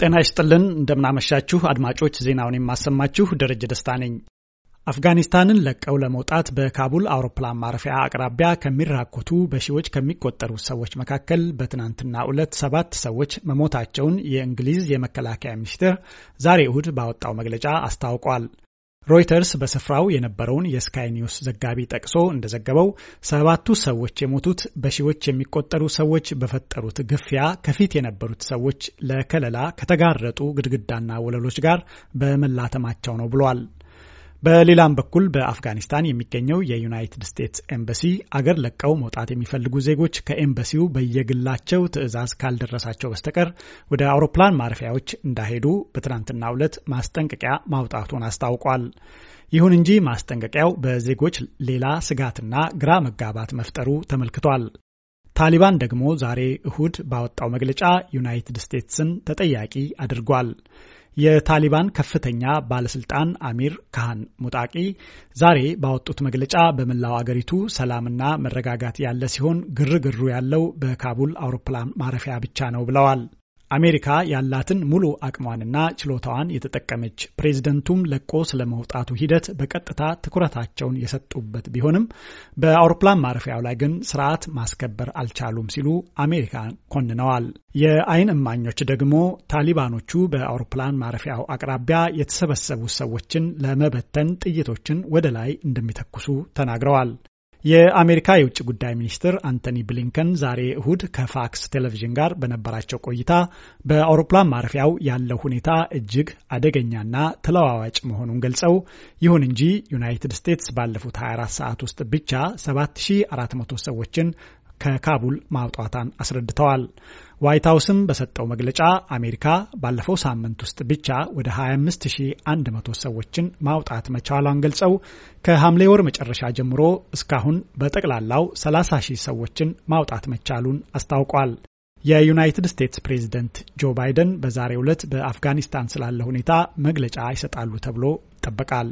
ጤና ይስጥልን እንደምናመሻችሁ አድማጮች፣ ዜናውን የማሰማችሁ ደረጀ ደስታ ነኝ። አፍጋኒስታንን ለቀው ለመውጣት በካቡል አውሮፕላን ማረፊያ አቅራቢያ ከሚራኮቱ በሺዎች ከሚቆጠሩ ሰዎች መካከል በትናንትና ዕለት ሰባት ሰዎች መሞታቸውን የእንግሊዝ የመከላከያ ሚኒስቴር ዛሬ እሁድ ባወጣው መግለጫ አስታውቋል። ሮይተርስ በስፍራው የነበረውን የስካይ ኒውስ ዘጋቢ ጠቅሶ እንደዘገበው ሰባቱ ሰዎች የሞቱት በሺዎች የሚቆጠሩ ሰዎች በፈጠሩት ግፊያ ከፊት የነበሩት ሰዎች ለከለላ ከተጋረጡ ግድግዳና ወለሎች ጋር በመላተማቸው ነው ብሏል። በሌላም በኩል በአፍጋኒስታን የሚገኘው የዩናይትድ ስቴትስ ኤምበሲ አገር ለቀው መውጣት የሚፈልጉ ዜጎች ከኤምበሲው በየግላቸው ትዕዛዝ ካልደረሳቸው በስተቀር ወደ አውሮፕላን ማረፊያዎች እንዳይሄዱ በትናንትናው ዕለት ማስጠንቀቂያ ማውጣቱን አስታውቋል። ይሁን እንጂ ማስጠንቀቂያው በዜጎች ሌላ ስጋትና ግራ መጋባት መፍጠሩ ተመልክቷል። ታሊባን ደግሞ ዛሬ እሁድ ባወጣው መግለጫ ዩናይትድ ስቴትስን ተጠያቂ አድርጓል። የታሊባን ከፍተኛ ባለስልጣን አሚር ካህን ሙጣቂ ዛሬ ባወጡት መግለጫ በመላው አገሪቱ ሰላምና መረጋጋት ያለ ሲሆን ግርግሩ ያለው በካቡል አውሮፕላን ማረፊያ ብቻ ነው ብለዋል። አሜሪካ ያላትን ሙሉ አቅሟንና ችሎታዋን የተጠቀመች፣ ፕሬዝደንቱም ለቆ ስለመውጣቱ ሂደት በቀጥታ ትኩረታቸውን የሰጡበት ቢሆንም በአውሮፕላን ማረፊያው ላይ ግን ስርዓት ማስከበር አልቻሉም ሲሉ አሜሪካን ኮንነዋል። የአይን እማኞች ደግሞ ታሊባኖቹ በአውሮፕላን ማረፊያው አቅራቢያ የተሰበሰቡ ሰዎችን ለመበተን ጥይቶችን ወደ ላይ እንደሚተኩሱ ተናግረዋል። የአሜሪካ የውጭ ጉዳይ ሚኒስትር አንቶኒ ብሊንከን ዛሬ እሁድ ከፋክስ ቴሌቪዥን ጋር በነበራቸው ቆይታ በአውሮፕላን ማረፊያው ያለው ሁኔታ እጅግ አደገኛና ተለዋዋጭ መሆኑን ገልጸው ይሁን እንጂ ዩናይትድ ስቴትስ ባለፉት 24 ሰዓት ውስጥ ብቻ 7400 ሰዎችን ከካቡል ማውጣቷን አስረድተዋል። ዋይት ሀውስም በሰጠው መግለጫ አሜሪካ ባለፈው ሳምንት ውስጥ ብቻ ወደ 25100 ሰዎችን ማውጣት መቻሏን ገልጸው ከሐምሌ ወር መጨረሻ ጀምሮ እስካሁን በጠቅላላው 30 ሺህ ሰዎችን ማውጣት መቻሉን አስታውቋል። የዩናይትድ ስቴትስ ፕሬዝደንት ጆ ባይደን በዛሬው ዕለት በአፍጋኒስታን ስላለ ሁኔታ መግለጫ ይሰጣሉ ተብሎ ይጠበቃል።